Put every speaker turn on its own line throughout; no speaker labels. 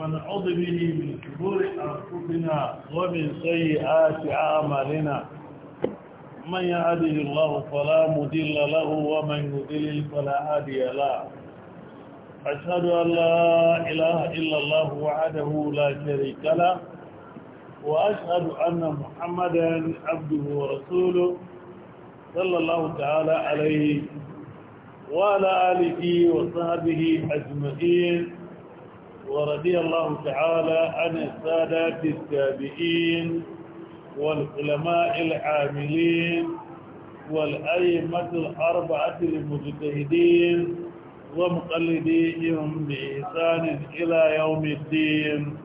ونعوذ به من شرور أنفسنا ومن سيئات أعمالنا من يهده الله فلا مضل له ومن يضلل فلا هادي له أشهد أن لا إله إلا الله وحده لا شريك له وأشهد أن محمدا عبده ورسوله صلى الله تعالى عليه وعلى آله وصحبه أجمعين ورضي الله تعالى عن السادة التابعين والعلماء العاملين والأئمة الأربعة المجتهدين ومقلديهم بإحسان إلى يوم الدين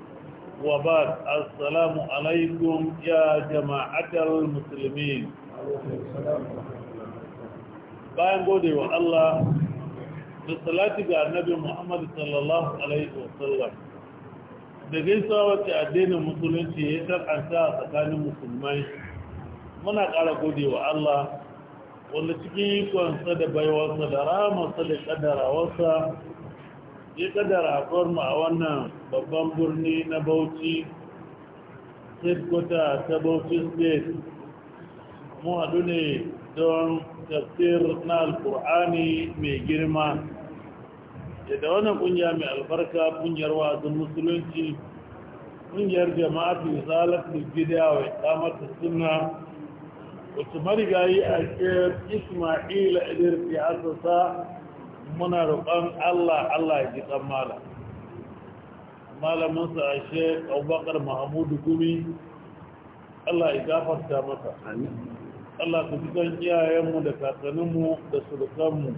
وبعد السلام عليكم يا جماعة المسلمين bayan gode wa Allah da salati ga annabi Muhammad sallallahu alaihi wasallam da gaisuwa wacce addinin musulunci ya tsakanta a tsakanin musulmai muna ƙara gode wa Allah wanda cikin ikonsa da baiwarsa da ramarsa da ƙaddarawarsa ya a mu a wannan babban birni na Bauchi State quarter ta Bauchi state mu haɗu ne don tafsir na alkur'ani mai girma da wannan kungiya mai albarka kungiyar wazin musulunci kungiyar zalar da gida wa iqamatu suna Wasu marigayi a cikin Isma'il idir fi asasa muna roƙon Allah Allah ya ji mala Malamin malamin sa Sheikh Abubakar mahamudu Gumi Allah ya gafarta masa amin Allah ku ji kan iyayenmu da kakanninmu da surukanmu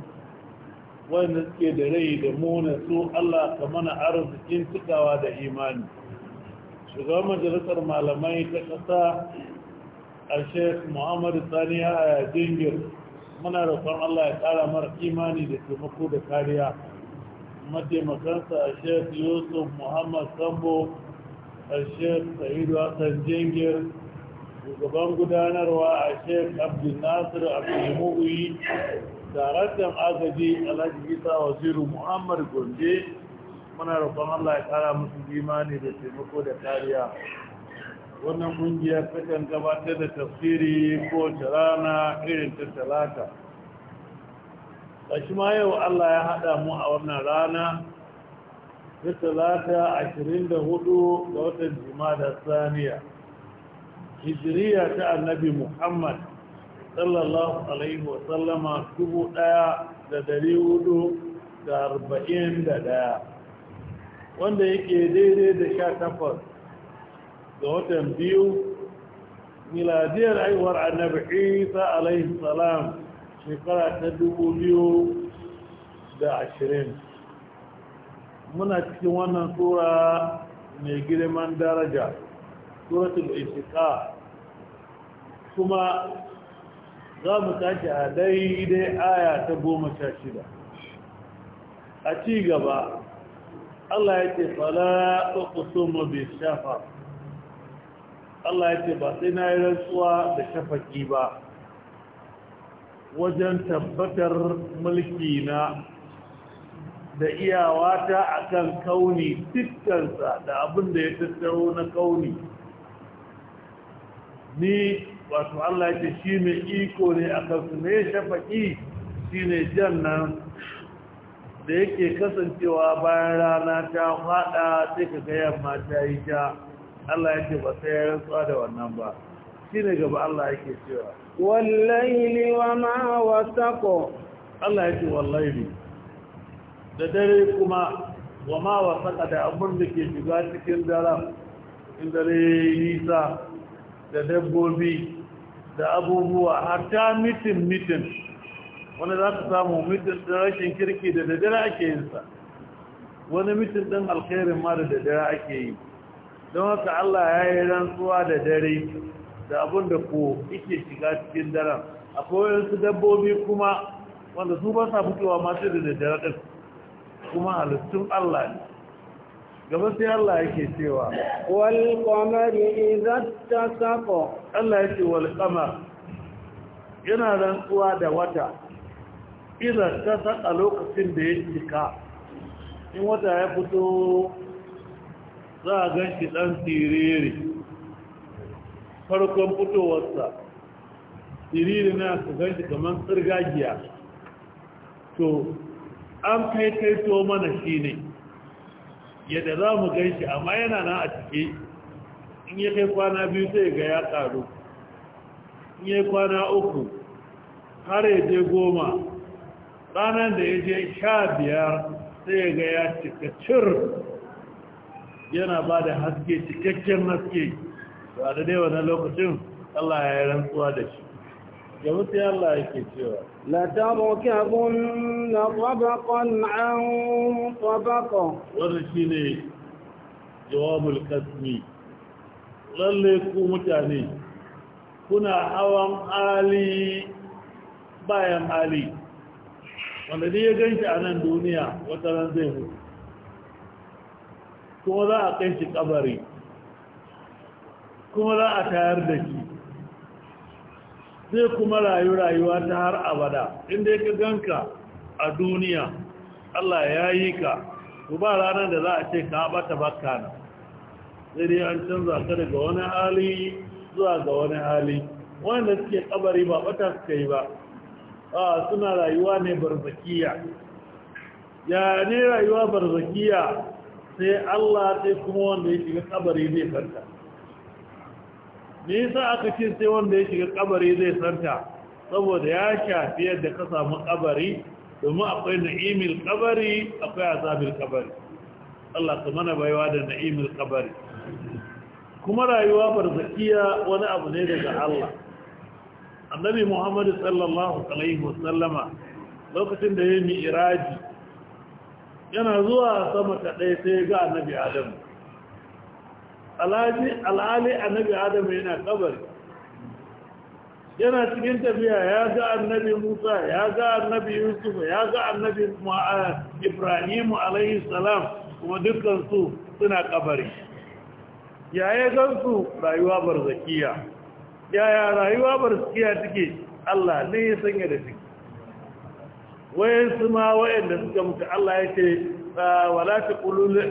wanda suke da rai da mona su Allah ka mana arzikin cikawa da imani shiga majalisar malamai ta ƙasa a sheikh muhammad sani a jingir muna roƙon Allah ya ƙara mara imani da taimako da kariya mataimakansa a sheikh yusuf muhammad sambo a sheikh sa'idu hassan jingir shugaban gudanarwa a sheik abdul nasir daraktan agaji alhaji isa waziru muhammad gombe muna roƙon allah ya ƙara musu imani da taimako da kariya wannan ƙungiyar takan gabatar da tafsiri ko rana irin ta talata A ma yau allah ya haɗa mu a wannan rana ta talata 24 ga watan jima'a da saniya hijiriya ta annabi muhammad sallallahu alaihi wa sallama dubu daya da dari hudu da arba'in da daya wanda yake daidai da sha takwas ga watan biyu miladiyar aiwar annabi isa alaihi salam shekara ta dubu biyu da ashirin muna cikin wannan tura mai girman daraja suratul ishiqa kuma za mu tashi a daidai aya ta goma sha shida a ci gaba Allah ya ce fala mu bi shafa. Allah ya ce ba sai na yi rantsuwa da shafaki ba wajen tabbatar mulki na da iyawata akan kauni dukkansa da abin da ya tattaro na kauni ni wato Allah yake shi mai iko ne a kansu ne shafaƙi shi ne jannan da yake kasancewa bayan rana ta faɗa sai ka ga yamma ta yi ta. Allah yake ba sai ya rantsuwa da wannan ba shi ne gaba Allah yake cewa
Wallahi wa ma wasaqo
Allah yake wallahi da dare kuma wa ma wasaqa da abun da ke shiga cikin dare in dare nisa da dabbobi da abubuwa hatta mitin mitin wani za ka samu mitin da rashin kirki da daddare ake sa, wani mitin ɗin alkhairin ma da daddare ake yi don haka Allah ya yi rantsuwa da dare da abin da ko ike shiga cikin daren akwai wasu dabbobi kuma wanda su ba sa fitowa masu da daddare ɗin kuma halittun Allah ne gaba sai Allah yake cewa wal
qamari idza tasaqa
Allah yake wal qamar yana rantsuwa da wata idza tasaqa lokacin da ya cika in wata ya fito za a gan shi dan tiriri farkon fitowarsa tiriri na su gan shi kamar tsirgagiya to an kai to mana shi yadda za mu gan shi amma yana nan a cike in ya kai kwana biyu sai ga ya karu in ya kwana uku har ya je goma ranar da ya je sha biyar sai ga ya cika cir yana ba da haske cikakken haske ba da dai na lokacin Allah ya yi rantsuwa da shi يمتي الله an
لتركبن
طبقا عن طبق ورشيني جواب القسم لليكو bayan wanda dai ya ganshi a duniya wata zai hu kuma za a kai shi kabari kuma za a tayar da shi zai kuma rayu rayuwa ta har abada inda ya ganka a duniya Allah ya yi ka ku ba ranar da za a ce ka bata baka na sai dai an canza ka daga wani hali zuwa ga wani hali wanda suke kabari ba bata suka yi ba a suna rayuwa ne barzakiya ya ne rayuwa barzakiya sai Allah sai kuma wanda ya shiga kabari zai farka. me yasa aka ce sai wanda ya shiga kabari zai santa saboda ya shafi yadda ka samu kabari domin akwai na'imil kabari akwai azabil kabari Allah ka mana baiwa da na'imil kabari kuma rayuwa barzakiya wani abu ne daga Allah annabi Muhammad sallallahu alaihi wasallama lokacin da ya yi mi'raji yana zuwa sama ta ɗaya sai ga annabi Adam al’ali annabi adam yana kabar yana cikin tafiya ya ga annabi musa ya ga annabi yusuf ya ga annabi ibrahimu alayhi salam kuma dukkansu suna kabari yaya gansu rayuwa barzakiya yaya rayuwa barzakiya take allah ne ya sanya da ciki su ma da suka mutu allah ya ce wala ta kululu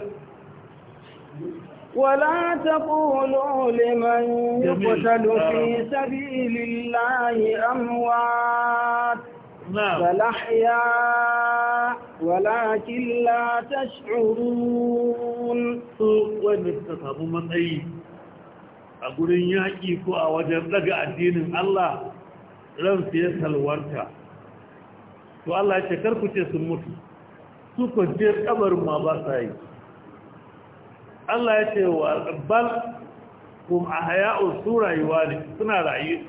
ولا تقولوا لمن يقتل في سبيل الله أموات بل أحياء ولكن لا تشعرون
samu matsayi a gurin yaƙi ko a wajen ɗaga addinin Allah ransu ya salwarta to Allah ya ce karku ce sun mutu su ma ba sa yi Allah ya ce wa bal kum ahya'u su rayuwa ne suna rayu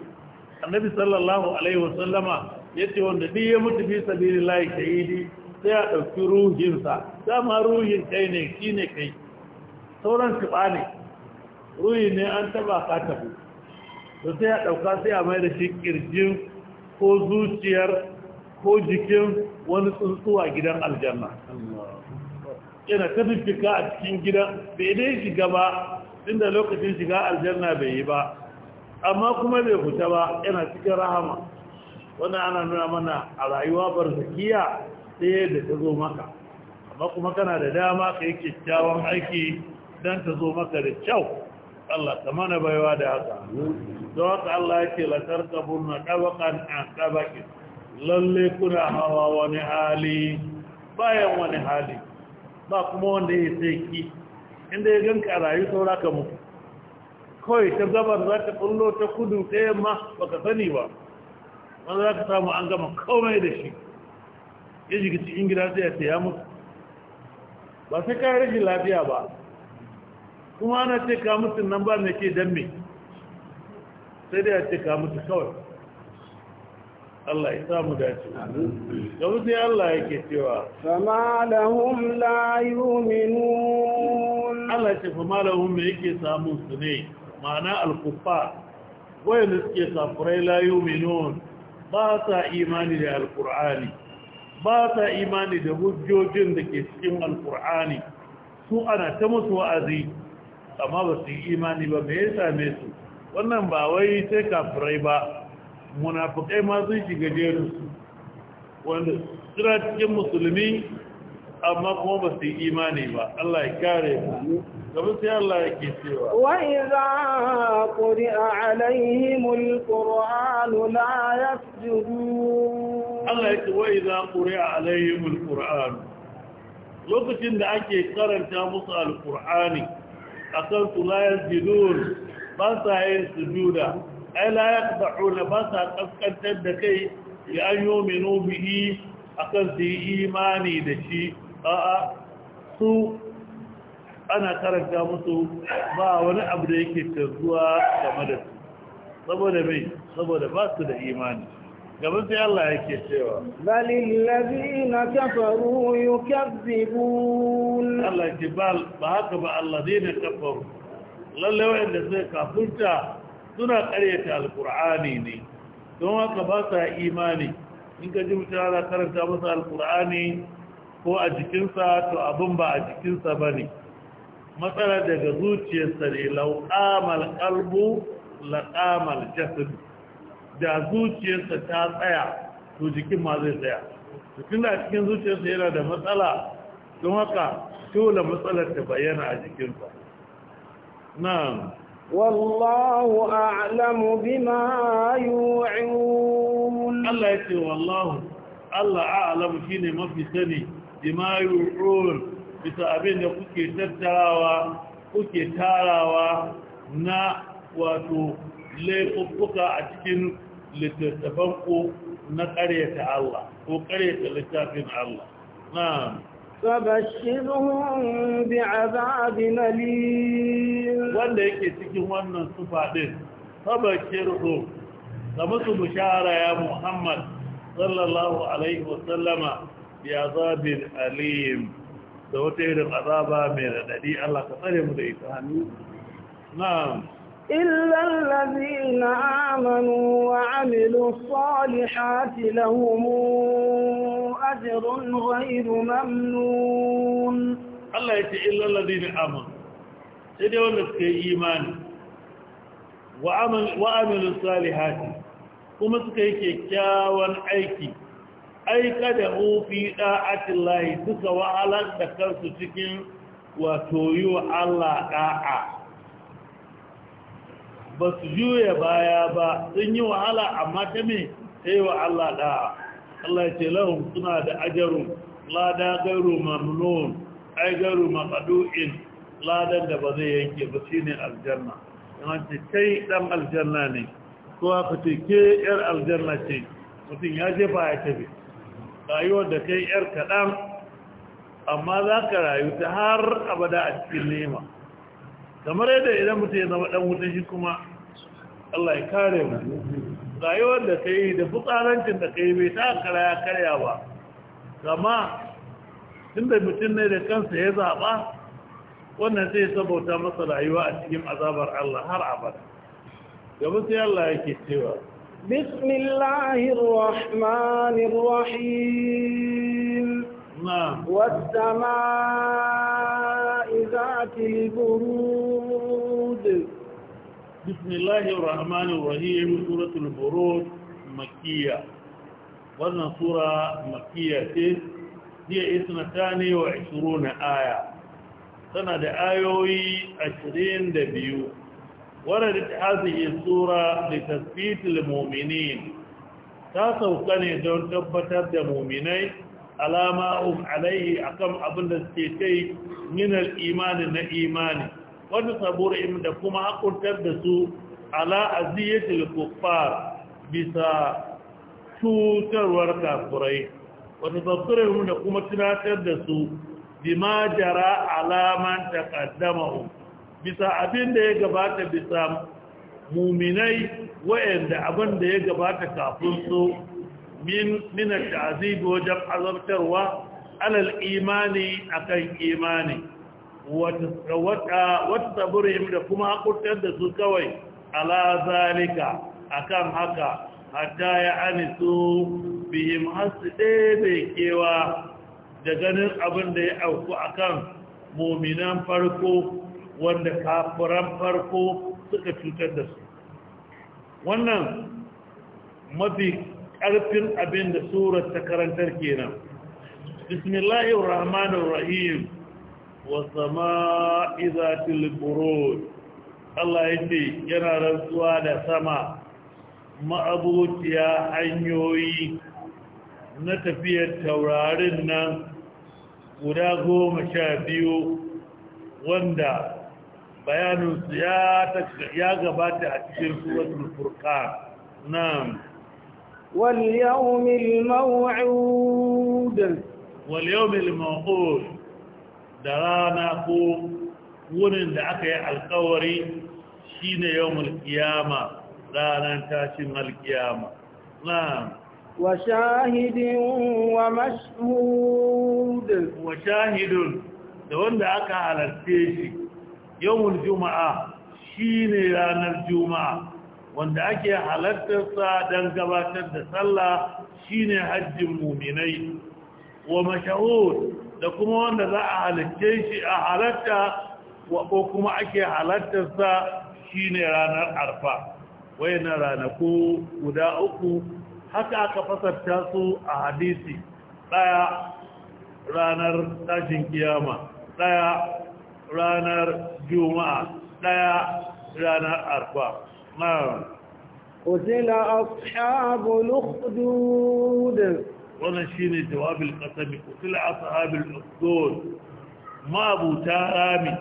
annabi sallallahu alaihi wasallama yace wanda duk ya mutu fi sabilillahi shahidi sai ya dauki ruhinsa dama ruhin kai ne kine kai sauran tuba ne ruhi ne an taba ka tafi to sai ya dauka sai ya mai da shi kirjin ko zuciyar ko jikin wani tsuntsuwa gidan aljanna yana ta fiffika a cikin gidan bai dai shiga ba inda lokacin shiga aljanna bai yi ba amma kuma bai fita ba yana cikin rahama wannan ana nuna mana a rayuwa zakiya ɗaya da ta zo maka amma kuma kana da dama ka yi kyakkyawan aiki don ta zo maka da kyau Allah ta mana baiwa da haka don haka Allah ya ce latar kabun na ɗabakan ɗabakin lalle kuna hawa wani hali bayan wani hali ba kuma wanda ya sai ki inda ya ganka a rayu saura ka mutu kawai ta gabar za ta kullo ta kudu ta yamma ba ka sani ba wanda za ka samu an gama komai da shi ya jiki cikin gida sai ya taya mutu ba sai ka rashin lafiya ba kuma ana ce ka mutu nan ba mai ke dan sai dai ya ce ka mutu kawai Allah ya samu dace yanzu sai Allah yake cewa
fama lahum la yu'minun
Allah ce fama lahum me yake samun su ne ma'ana al-kuffar ne suke kafirai la yu'minun ba sa imani da alkur'ani ba sa imani da hujjojin da ke cikin alkur'ani su ana ta musu wa'azi amma ba su yi imani ba me ya same su wannan ba wai sai kafirai ba munafukai ma sun shiga jerinsu wanda suna cikin musulmi amma kuma ba su yi imani ba Allah ya kare mu gaba sai Allah ya cewa
wa idza quri'a alaihim alquran la yasjudun Allah ya ce
wa idza quri'a alaihim alquran lokacin da ake karanta musu alqur'ani akan su la yasjudun ba sa yin sujuda ya la yaqba'una ba sa kaskantar da kai ya an yu'minu bihi akan su yi imani da shi a su ana karanta musu ba wani abu da yake tarzuwa game da su saboda mai saboda ba su da imani gaban sai Allah yake cewa
balil ladina kafaru yukazzibun Allah
ke ba haka ba Allah alladina kafaru lallai wanda zai kafurta suna karyata alƙur'ani ne don haka ba sa imani in ka ji mutane karanta masa alƙur'ani ko a jikinsa to abin ba a jikinsa ba ne matsala daga zuciyarsa ne lauƙamal ƙalbu laƙamal jasadu da zuciyarsa ta tsaya to jikin ma zai tsaya jikin da cikin zuciyarsa yana da matsala don haka dole matsalar ta bayyana a jikinsa
na'am والله أعلم بما يوعون الله يتي والله الله أعلم
شيني ما في سني بما يوعون bisa abin da kuke tattarawa kuke tarawa na wato laifuffuka a cikin littattafanku na ƙaryata Allah ko karyata littafin Allah
فبشرهم بعذاب أليم wanda
yake cikin wannan sufa din
fabashirhu
da musu bishara ya Muhammad sallallahu alaihi wasallama bi azabin alim da wata irin azaba mai radadi Allah ka tsare mu da ita hannu na'am
إلا الذين آمنوا وعملوا الصالحات لهم ajirun ra'iru mamnun
Allah ya ce illallah ne amin sai dai wanda suka yi imani wa aminu salihati kuma suka yi kyakkyawan aiki aika da ofi ɗa'atin lahi suka wa'alar da kansu cikin wato yi wa Allah ɗa'a ba su juya baya ba sun yi wahala amma ta mai ta yi wa Allah ɗa'a Allah ya ce lahum suna da ajarun lada gairu mamnun ai gairu maqdu'in ladan da ba zai yanke ba shine aljanna an ce kai dan aljanna ne ko aka ce ke yar aljanna ce mutum ya je ba ya tafi rayuwar da kai yar kaɗan amma za ka rayu ta har abada a cikin nema kamar yadda idan mutum ya zama ɗan wuta shi kuma Allah ya kare mu rayuwar da ka yi da fitsarancin da ka yi bai ta kara karya ba kama tun da mutum ne da kansa ya zaɓa wannan sai saboda masa rayuwa a cikin azabar Allah har abada gaba sai Allah yake cewa
بسم الله الرحمن الرحيم والسماء ذات البرود
بسم الله الرحمن الرحيم سورة البروج مكية وانا سورة مكية هي اثنتان وعشرون آية سنة آيوي عشرين دبيو وردت هذه السورة لتثبيت المؤمنين تاسو كان دون تبتر المؤمنين على ما هم عليه أكم أبن السيتي من الإيمان نإيماني wani saburin da kuma akuntar da su ala aziyatul kuffar bisa cutarwar kafurai wani saburin da kuma tunatar da su bima jara alaman taqaddamahu bisa abin da ya gabata bisa muminai wa'anda abin da ya gabata kafin su min min ta'zib wajen azabtarwa alal imani akan imani wata taburim da kuma hakurtar da su kawai ala zalika akan haka hatta ya anisu bihim hasu ɗaya kewa da ganin abin da ya auku akan mominan farko wanda kafuran farko suka cutar da su wannan mafi ƙarfin abin da surar ta karantar kenan bismillahir rahmanir rahim wasama izatil burud Allah yake yana rantsuwa da sama ma'abutiya hanyoyi na tafiyar taurarin nan guda goma sha biyu wanda bayaninsu ya gabata a cikin suwatul furka
nan wal yawmil mawu'ud wal yawmil mawu'ud
da rana ko wurin da aka yi alkawari shi ne yau mulkiyama ranar tashin alkiyama
na wa shahidin wa
mashhud wa da wanda aka halarce shi yau juma'a shi ne ranar juma'a wanda ake halartarsa don gabatar da sallah shi ne hajjin muminai wa mashahud da kuma wanda za a halarce shi a halatta ko kuma ake sa shi ne ranar arfa na ranaku guda uku haka aka fasarta su a hadisi ɗaya ranar tashin kiyama ɗaya ranar juma'a ɗaya ranar arfa ma'am
قتل أصحاب الأخدود wannan shi shine jawabin
qasami kutul ashabil usdur ma buta rami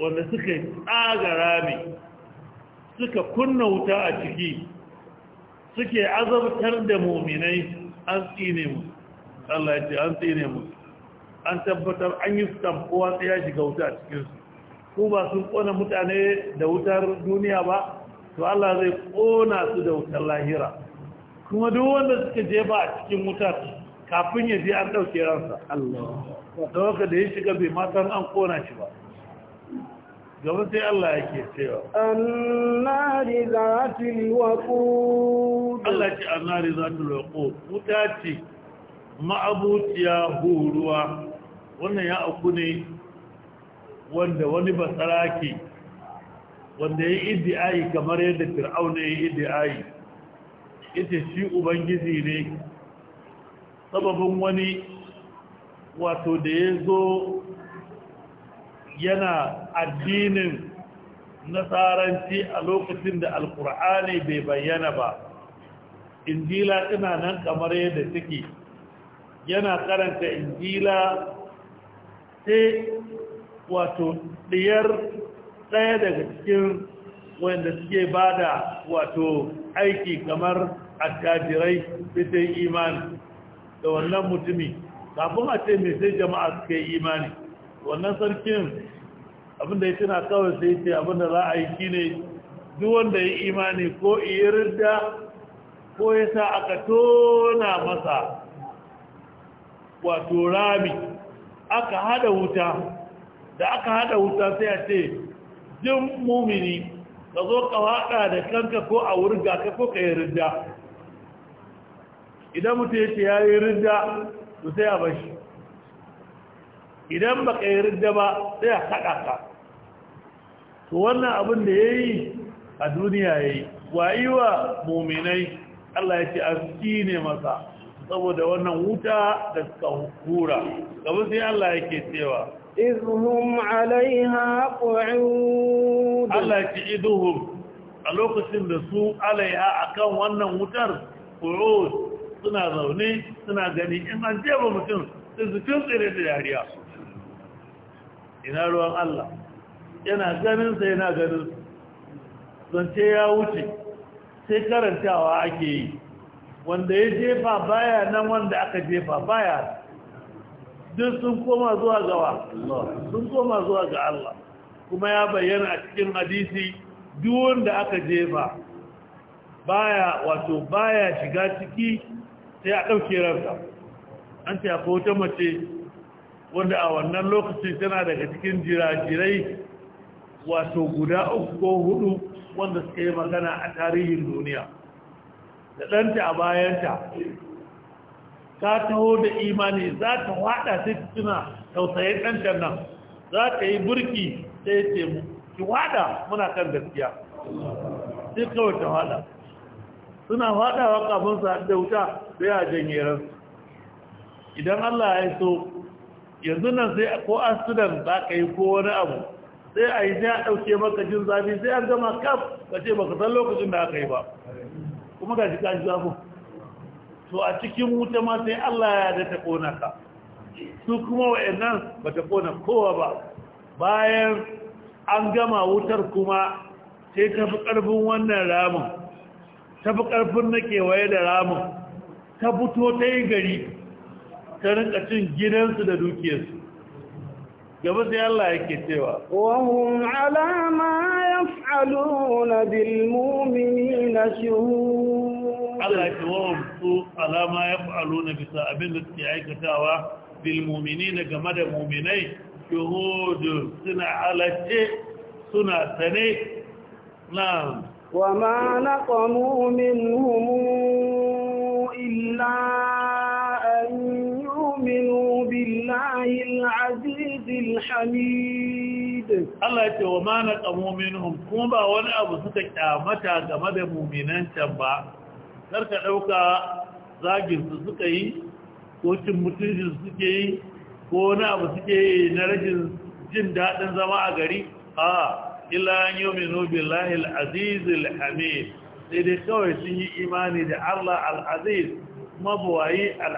wanda suka tsaga rami suka kunna wuta a ciki suke azabtar da mu'minai an tsine mu Allah ya ce an tsine mu an tabbatar an yi tamkowa ya shiga wuta a cikinsu ko ba sun kona mutane da wutar duniya ba to Allah zai ƙona su da wutar lahira kuma duk wanda suka jefa a cikin wuta kafin ya je an ɗauke ransa da waka da ya shiga bai matan an kona shi ba gaba sai Allah ya ke cewa
annari zatil waqud
Allah ce na zatil waqud wuta ce ma'abuciya huruwa wannan ya auku ne wanda wani ke wanda ya yi ayi kamar yadda fir'auna ya yi ayi. ita shi ubangiji ne sababin wani wato da ya zo yana addinin nasaranci a lokacin da alkur'ani bai bayyana ba injila tana nan kamar yadda suke yana karanta injila sai wato ɗiyar ɗaya daga cikin wanda suke bada wato aiki kamar attajirai sai yi imani da wannan mutumi kafin a ce mai sai jama'a suka yi imani wannan sarkin abinda ya tuna kawai sai ce abinda za a yi shine duk wanda ya imani ko iya ridda ko ya sa aka tona masa wato rami aka hada wuta da aka hada wuta sai a ce jin mumini ka zo ka haɗa da kanka ko a wurga ka ko ka yi ridda idan mutu ya ce ya yi ridda to sai a bashi idan ba ka yi ridda ba sai a haɗa ka to wannan abin da ya yi a duniya ya yi wayi wa muminai Allah ya ce a ne masa saboda wannan wuta da suka hura gaba sai Allah ya ke cewa
izuhun alaiha qu'ud Allah
ya ce izuhun a lokacin da su alaiha akan wannan wutar qu'ud suna zaune suna gani in an jefa mutum sai su da dariya ina ruwan Allah yana ganinsa yana ganin zance ya wuce sai karantawa ake yi wanda ya jefa baya nan wanda aka jefa baya duk sun koma zuwa gawa sun koma zuwa ga Allah kuma ya bayyana a cikin hadisi duk wanda aka jefa baya wato baya shiga ciki sai a ɗauke ransa an ce wata mace wanda a wannan lokacin tana daga cikin jirajirai wato guda uku ko hudu wanda suka yi magana a tarihin duniya da ɗanta a bayanta ta taho da imani za ta waɗa ta tuna tausayin ɗanta nan za ta yi burki sai ce mu ki waɗa muna kan gaskiya sai kawai ta waɗa suna faɗawa kafin su da wuta sai a janye ransu idan Allah ya so yanzu nan sai ko asidan za ka yi ko wani abu sai a yi sai a ɗauke maka jin zafi sai an gama kaf ka ce baka san lokacin da aka yi ba kuma ga shi kashi zafin to a cikin wuta ma sai Allah ya da ta ƙona ka su kuma wa'annan ba ta ƙona kowa ba bayan an gama wutar kuma sai ta fi ƙarfin wannan ramin ta fi ƙarfin na kewaye da ramin ta fito ta yi gari ta rinka cin gidansu da dukiyarsu gaba sai Allah yake cewa
Alama ala ma yaf'aluna bil mu'minina shuhud Allah ke wahun
su ya ma yaf'aluna bisa abin da suke aikatawa bil na game da mu'minai shuhudu suna alace suna sane na.
وَمَا نَقَمُوا مِنْهُمُ إِلَّا أَنْ يُؤْمِنُوا بِاللَّهِ الْعَزِيزِ Allah
ce wa ma kuma ba wani abu suka ƙyamata game da muminancan ba, Kar ka ɗauka zaginsu suka yi, ko cin mutuncinsu suke yi, ko wani abu suke yi na rajin jin daɗin zama a gari, illa an yuminu billahi al hamid sai dai kawai sun yi imani da Allah al-aziz mabuwayi al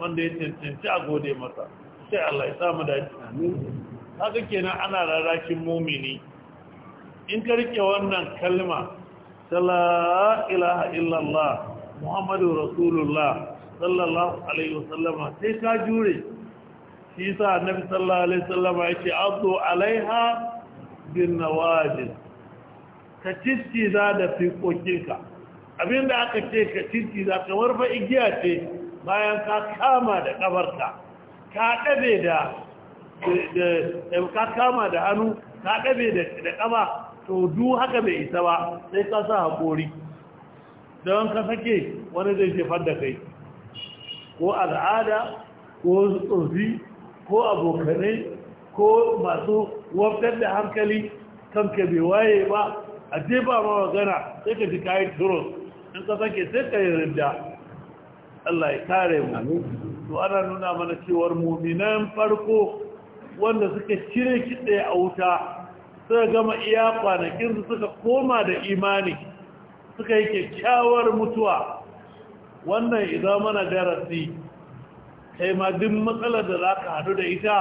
wanda ya cancanci a gode masa sai Allah ya samu haka kenan ana rarakin mumini in ka rike wannan kalma ta la illallah muhammadu rasulullah sallallahu alaihi wasallama sai ka jure shi sa annabi sallallahu alaihi wasallama yake addu alaiha bin nawajin ka za da fikokinka abinda aka ce ka za kamar fa igiya ce bayan ka kama da ƙabarka ka ɗabe da ka kama da hannu ka ɗabe da ƙaba to du haka bai isa ba sai ka sa haƙori don ka sake wani zai jefar da kai ko al'ada ko tsofi ko abokanai ko masu wartar da hankali kanka bai waye ba a jefa ma magana sai ka ji kayan turus. in ka sake sai ka yi rinda Allah ya kare mu to ana nuna mana cewar muminan farko wanda suka cire kitse a wuta suka gama iya kwanakin su suka koma da imani suka yi kyakkyawar mutuwa wannan idan mana darasi kai ma duk matsalar da za ka hadu da ita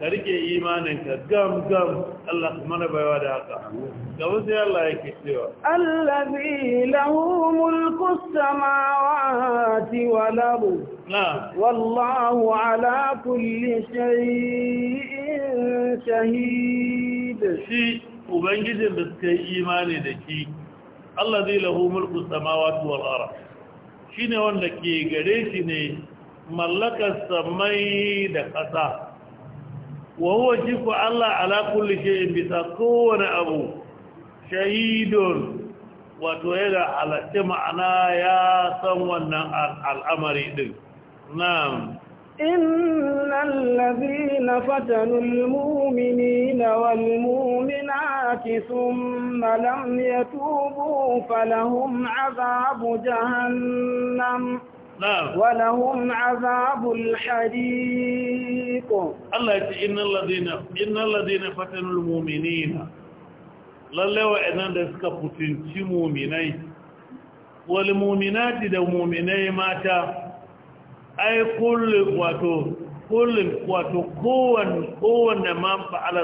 ka rike imaninka gam gam Allah su mana baiwa da haka gaba sai Allah yake cewa
allazi lahu mulku samawati wa ardi na wallahu ala kulli shay'in shahid
shi ubangijin da suka yi imani da shi allazi lahu mulku samawati wal Shi shine wanda ke gare shi ne mallakar samai da ƙasa wa huwa jiku Allah ala kulli shay'in bisa kowane abu shahidun wato yana halatta ma'ana ya san wannan al'amari din na'am
إن الذين فتنوا المؤمنين والمؤمنات ثم لم يتوبوا فلهم عذاب جهنم ولهم عذاب الحريق
الله يقول إن الذين إن الذين فتنوا المؤمنين lalle wa'annan da suka fitinci muminai wal muminati da muminai mata ai kullu wato kullum wato kowanne man fa'ala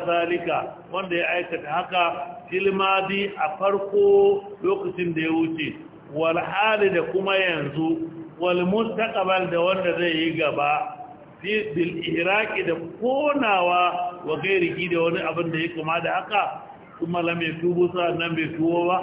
wanda ya aikata haka filmadi a farko lokacin da ya wuce walhali da kuma yanzu wal mustaqbal da wanda zai yi gaba fi bil iraki da konawa wa gairiki da wani abin da ya kuma da haka kuma la mai tubu nan bai tuwo ba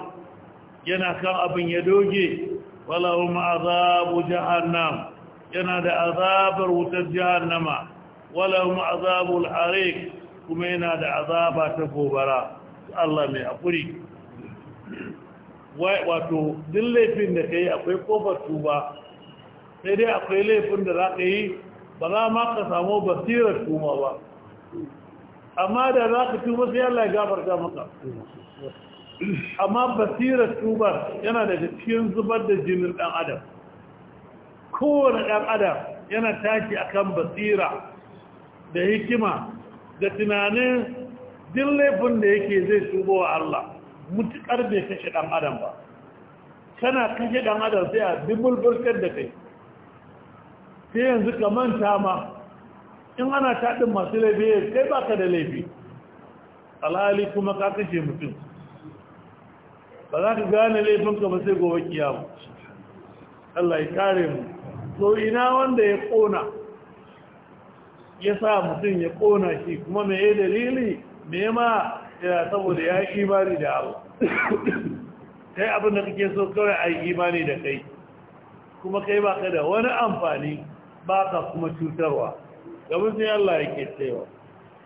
yana kan abin ya doge wala huma azabu jahannam yana da azabar wutar jahannama wala huma azabul hariq kuma yana da azaba ta gobara Allah mai akuri wato duk laifin da kai akwai kofar tuba sai dai akwai laifin da za ka yi ba za ma ka samu basirar kuma ba amma da za ka tuba sai Allah ya gafarta maka amma basirar tuba yana daga cikin zubar da jinin dan adam kowane ɗan adam yana taki akan basira da hikima da tunanin din laifin da yake zai tuba wa Allah mutukar bai kashe ɗan adam ba kana kashe ɗan adam sai a dubulbulkar da kai sai yanzu ka manta ma in ana taɗin masu laifi ya kai ka da laifi alhali kuma ka kashe mutum ba za ka gane laifinka ba sai gobe kiyama Allah ya kare mu so ina wanda ya ƙona ya sa mutum ya ƙona shi kuma me ya dalili me ma ya saboda ya yi imani da Allah kai abin da kake so kawai a yi imani da kai kuma kai ba ka da wani amfani ba ta kuma
cutarwa
gaba sai Allah ya ke tsewa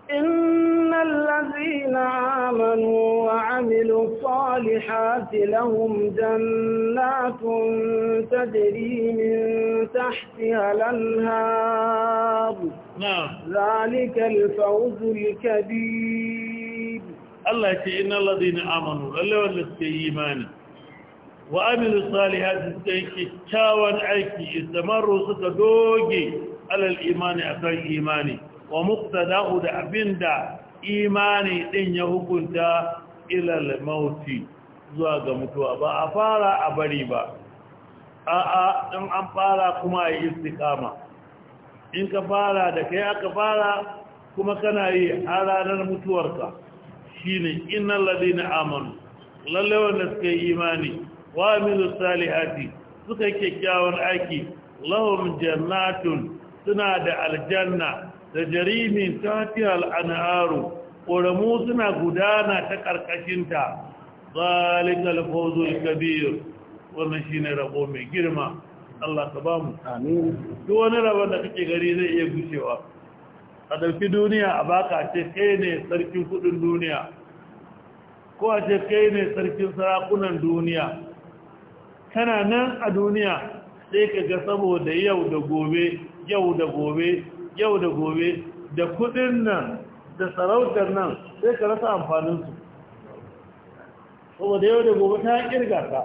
inna lazina amanu wa amilu salihati lahum jannatun tajrimin tahti alhamu zalikal fawzul kabir
Allah ya ce inna lazina amanu lallewar da suke imanin wa amilu salihati suka yi kyakkyawan aiki istamaru suka doge alal imani akan imani wa muqtadahu da abinda imani din ya hukunta ilal mauti zuwa ga mutuwa ba a fara a bari ba a'a dan an fara kuma yi istiqama in ka fara da kai aka fara kuma kana yi a ranar mutuwarka shine innal ladina amanu lalle wanda suka yi imani wa amilu salihati suka yi kyakkyawan aiki lahum jannatun suna da aljanna da jarimin tatiyar an'aru ƙoramu suna gudana ta ƙarƙashinta zalikal fawzul kabir wannan shi ne rabo mai girma Allah ka ba mu amin duk wani rabon da kake gari zai iya gushewa a ɗauki duniya a baka ce kai ne sarkin kudin duniya ko a ce kai ne sarkin sarakunan duniya kana nan a duniya sai ka ga saboda yau da gobe yau da gobe yau da gobe da kudin nan da sarautar nan sai ka rasa amfaninsu saboda yau da gobe ta kirga ka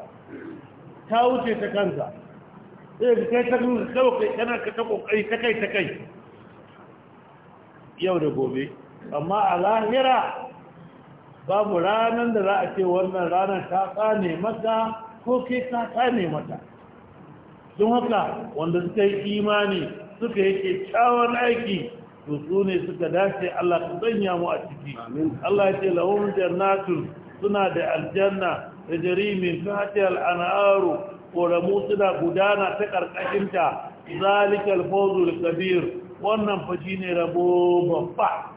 ta wuce ta kanta sai ka kai ta kai kana ka ta kokari ta kai ta kai yau da gobe amma a lahira babu ranar da za a ce wannan ranar ta tsane maka ko ke ka kame mata don haka wanda suka yi imani suka yi kyakkyawan aiki to su ne suka dace Allah ka sanya mu a ciki Allah ya ce lahum jannatun suna da aljanna da jari min tahtiha al da koramu suna gudana ta karkashinta zalikal fawzul kabir wannan faji ne rabo babba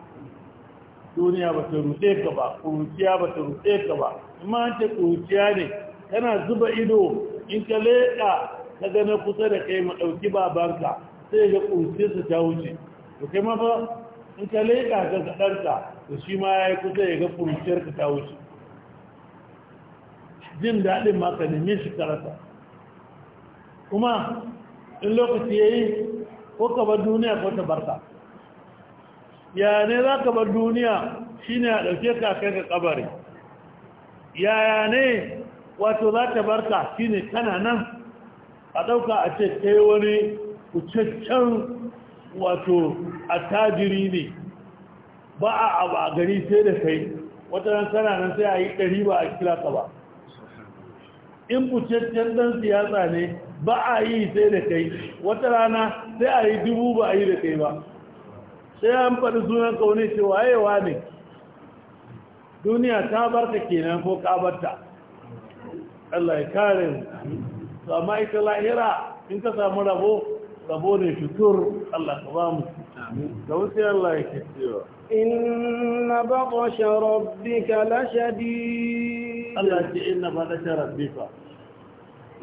duniya ba ta rute ka ba kuciya ba ta rute ka ba amma ce kuciya ne kana zuba ido in ka leka ka ga na kusa da kai maɗauki babanka sai ga ƙunce su ta wuce to kai ma fa in ka leka ka ga ɗanka to shi ma ya yi kusa ya ga ƙunciyar ka ta wuce jin daɗin ma ka neme shi karasa kuma in lokaci ya yi ko ka bar duniya ko ta barka ya ne za ka bar duniya shi ne a ɗauke ka kai ka kabari yaya ne wato za ta barka shine kana nan a ɗauka a ce kai wani kucaccen wato attajiri ne ba a abu a gari sai da kai watanen kana nan sai a yi ɗari ba a kira ka ba in kucaccen ɗan siyasa ne ba a yi sai da kai wata rana sai a yi dubu ba a yi da kai ba sai an faɗi sunan kaune cewa yawa ne duniya ta barka kenan ko kabarta Allah ya kare mu amma ita lahira in ka samu rabo rabo ne shukur Allah ka
ba mu ga wuce Allah ya ke cewa inna baqasha rabbika lashadid Allah ce inna baqasha rabbika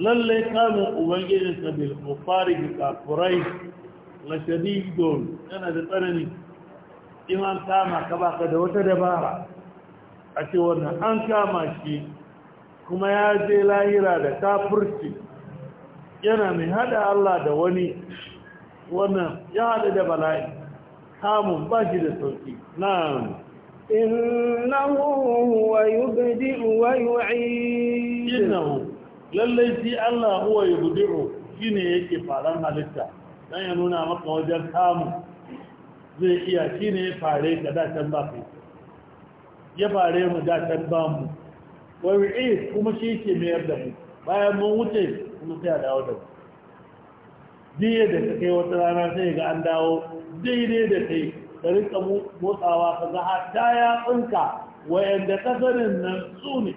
lalle kamun ubangijin sabil mufari bi Lashadi, lashadidun yana da tsanani iman kama ka baka da wata dabara a ce wannan an kama shi kuma ya je lahira da kafirci yana mai hada Allah da wani wannan ya hada da bala'i kamun ba shi da sauki na
innahu huwa yubdi'u wa yu'id innahu lallai
shi Allah huwa yubdi'u shine yake faran halitta dan ya nuna maka wajen kamun zai iya shine fare ka da can ba ya fare mu da can ba mu wari'i eh, kuma shi ke mayar da mu bayan mun wuce kuma sai a dawo da mu jiye da ta kai wata rana sai ga an dawo daidai da kai da rika motsawa ka ga hata ya tsinka wayanda kasarin nan su ne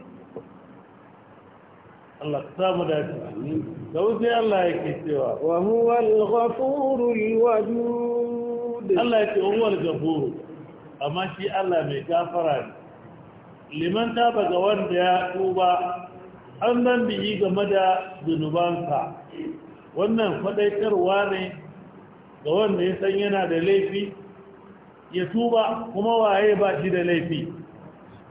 Allah ka samu dace da wuce Allah ya ke cewa wa huwa al-ghafuru al-wadud
Allah ya ce huwa
al-ghafuru amma shi Allah mai gafara ne liman taba ga wanda ya tuba an nan biyi game da zunubansa wannan faɗaitarwa ne ga wanda ya san yana da laifi ya tuba kuma waye ba shi da laifi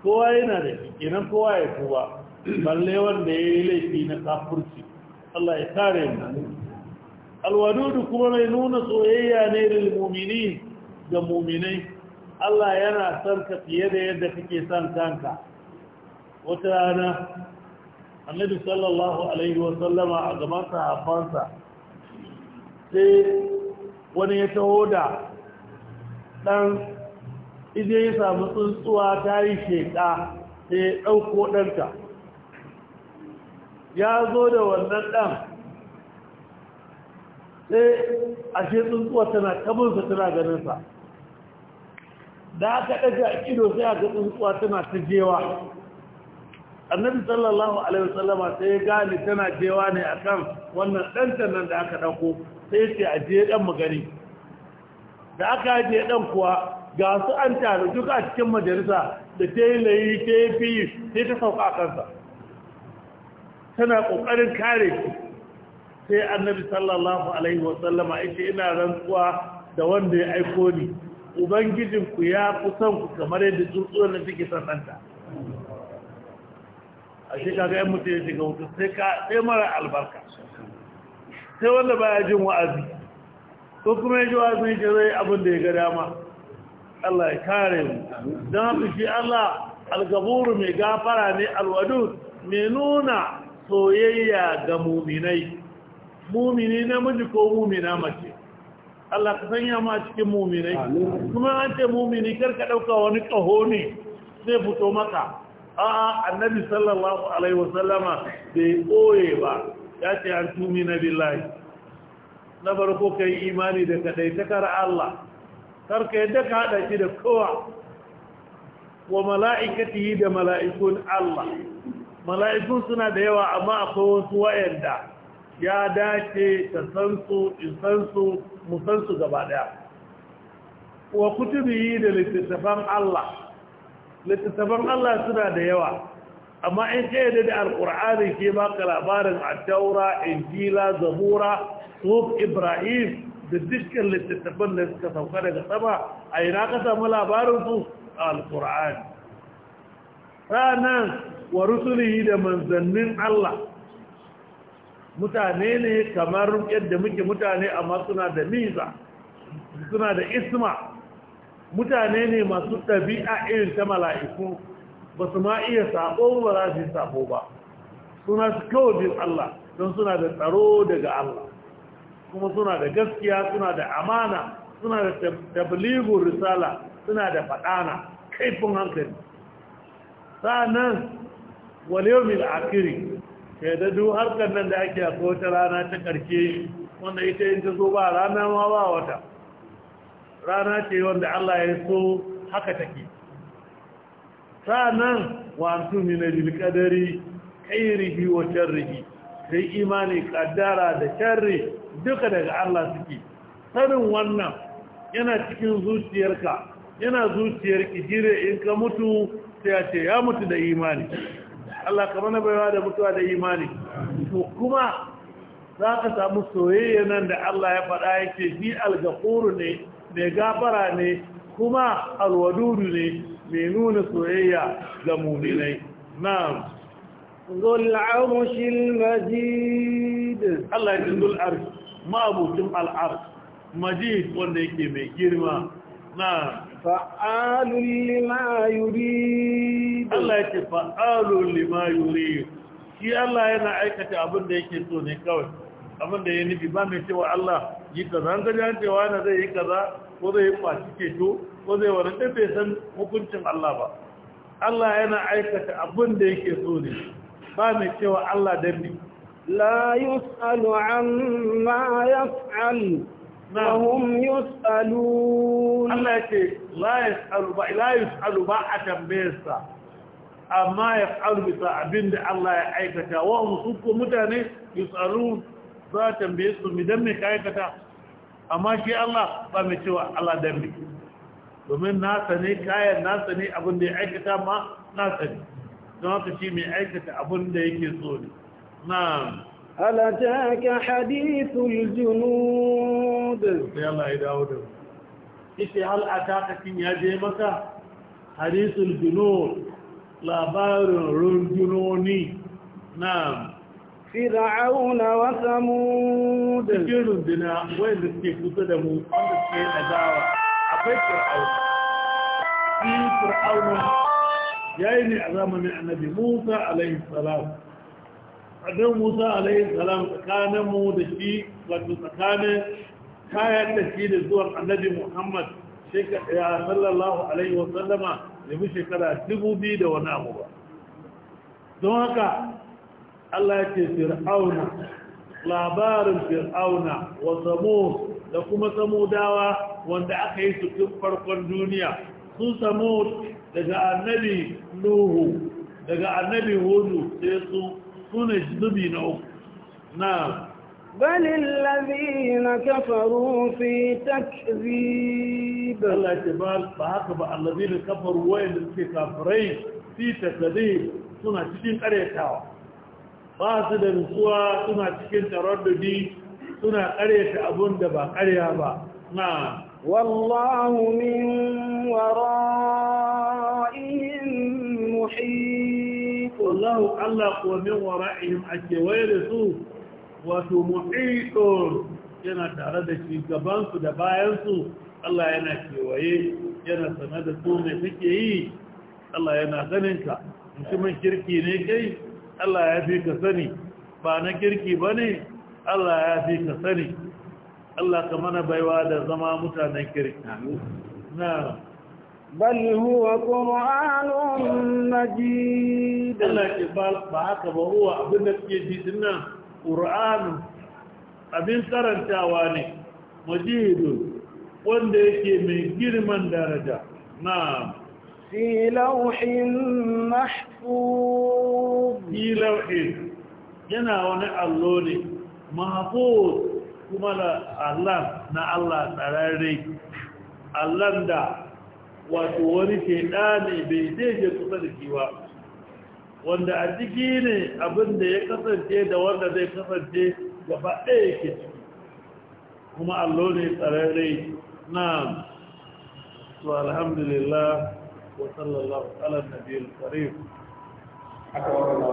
kowa yana da shi kenan kowa ya tuba balle wanda ya yi laifi na kafurci Allah ya kare mu alwadudu kuma mai nuna soyayya ne da mumini ga muminai Allah yana son ka fiye da yadda kake son kanka wata rana annabi sallallahu alaihi wa sallama a gaban sahabbansa sai wani ya taho da ɗan ije ya samu tsuntsuwa ta yi sheƙa sai dauko ɗauko ɗanta ya zo da wannan ɗan sai ashe tsuntsuwa tana kabinsa tana ganinsa da aka ɗaga ido sai aka tsuntsuwa tana ta jewa annabi sallallahu alaihi wasallama sai ya gane tana jewa ne a kan wannan ɗanta nan da aka ɗauko sai ce a je ɗan gani da aka je ɗan kuwa ga su an tare duk a cikin majalisa da ta yi layi ta yi fiye sai ta sauka a kansa tana ƙoƙarin kare shi sai annabi sallallahu alaihi wasallama ya ce ina rantsuwa da wanda ya aiko ni ubangijinku ya fi son ku kamar yadda tsuntsuwar da suke son ɗanta a shi kaga yan mutum ya shiga hutu sai ka sai mara albarka sai wanda ba ya jin wa'azi ko kuma ya ji wa'azi ya zai abin da ya ga dama Allah ya kare mu don haka shi Allah algaburu mai gafara ne alwadu mai nuna soyayya ga muminai mumini namiji ko mumina mace Allah ka sanya ma cikin muminai kuma an ce mumini ka ɗauka wani kaho ne zai fito maka a annabi sallallahu alaihi wasallama bai ɓoye ba ya ce an tumi na billahi na farko ka yi imani da kaɗai ta kara Allah karka yadda ka haɗa shi da kowa wa yi da mala'ikun Allah mala'ikun suna da yawa amma akwai wasu wayanda ya dace ta san su in san su mu su gaba daya wa kutubi da littattafan Allah littattafan Allah suna da yawa amma in yadda da alqur'ani ke baka labarin at-taura injila zabura suf ibrahim da dukkan littattafan da suka sauka daga sama a ina ka samu labarin su alqur'ani sanan wa rusuli da manzannin Allah mutane ne kamar yadda muke mutane amma suna da miza suna da isma mutane ne masu ɗabi'a irin ta mala'iku ba su ma iya sabo ba za su sabo ba suna su Allah don suna da tsaro daga Allah kuma suna da gaskiya suna da amana suna da tablighun risala suna da faɗana kaifin hankali sa'annan wal yawmil akhir ya eh, da duk harkar nan da ake akwai wata rana ta ƙarshe wanda ita yin ta zo ba rana ma ba wata rana ce wanda Allah ya so haka take sa'annan wa antum min al-qadari khairihi wa sharrihi sai imani kaddara da sharri duka daga Allah suke sanin wannan yana cikin zuciyarka yana zuciyar jira in ka mutu sai ya ce ya mutu da imani Allah ka mana baiwa da mutuwa da imani to kuma za ka samu soyayya nan da Allah ya faɗa yake shi algafuru ne mai gafara ne kuma alwadudu ne mai nuna soyayya ga muminai na'am zul da majid Allah ya zul arsh ma'abucin al'arsh majid wanda yake mai girma na
fa'alul lima yurid
Allah yake fa'alu lima yuri shi Allah yana aikata abin da yake so ne kawai abin da ya nufi ba mai cewa Allah yi kaza an gaji an cewa na zai yi kaza ko zai yi kwaci to ko zai wani ɗafe san hukuncin Allah ba Allah
yana aikata abin da yake so ne ba mai cewa Allah dan ni la yus'alu ma yaf'al وهم يسألون الله
يقول لا يسأل با لا يسأل با أتنبيسا amma ya faru bisa abin da Allah ya aikata wa su ko mutane tsaru za a tambaye su mi dan me ka aikata amma shi Allah ba mai cewa Allah don biki domin na sani kayan na sani abin da ya aikata ma na sani don haka shi mai aikata abin da yake so ne na
ألتاك حديث yi يا الله يا داود
إيش هل أتاك كن يا جيمك حديث junu. labarin rundunoni na fir'auna wa samud cikin runduna wanda suke kusa da mu wanda suke adawa akwai fir'auna shi fir'auna ya yi ne a zamanin annabi Musa alaihi salam annabi Musa alaihi salam tsakanin mu da shi wato tsakanin kayan da shi da zuwan annabi Muhammad ya sallallahu alaihi wa sallama da shekara dubu biyu da wani abu ba don haka Allah ya ce fir'auna labarin fir'auna wa samu da kuma dawa wanda aka yi su tun farkon duniya sun samu daga annabi nuhu daga annabi hudu sai su suna zubi na uku na
بل الذين كفروا في
تكذيب الله يتبال فهكذا الذين كفروا وين الكافرين في تكذيب سنة تشين قريتها فاسد النسوة سنة تشين ترددي سنة قريت أبون دبا قريبا نعم
والله من ورائهم محيط
والله الله ومن ورائهم أكي ويرسوه wato muhitun yana tare da shi gabansu da bayansu Allah yana kewaye yana sanar da su mai suke yi Allah yana ganinka mutumin kirki ne kai Allah ya fi ka sani ba na kirki ba ne Allah ya fi ka sani Allah ka mana baiwa da zama mutanen kirki na
bal huwa qur'anun majid Allah ke
ba haka ba huwa abin da ke ji dinnan ƙur'anu abin karantawa ne majidun wanda yake mai girman daraja na fi lauhin mahfuz fi yana wani allo ne mahfuz kuma da allah na allah tsararre allah da wato wani ne bai zai je kusa da shi ba wanda a ciki ne abin da ya kasance da wanda zai kasance gaba ɗaya ke ciki kuma allo ne tsararre na su alhamdulillah wa sallallahu ala nabiyar karim aka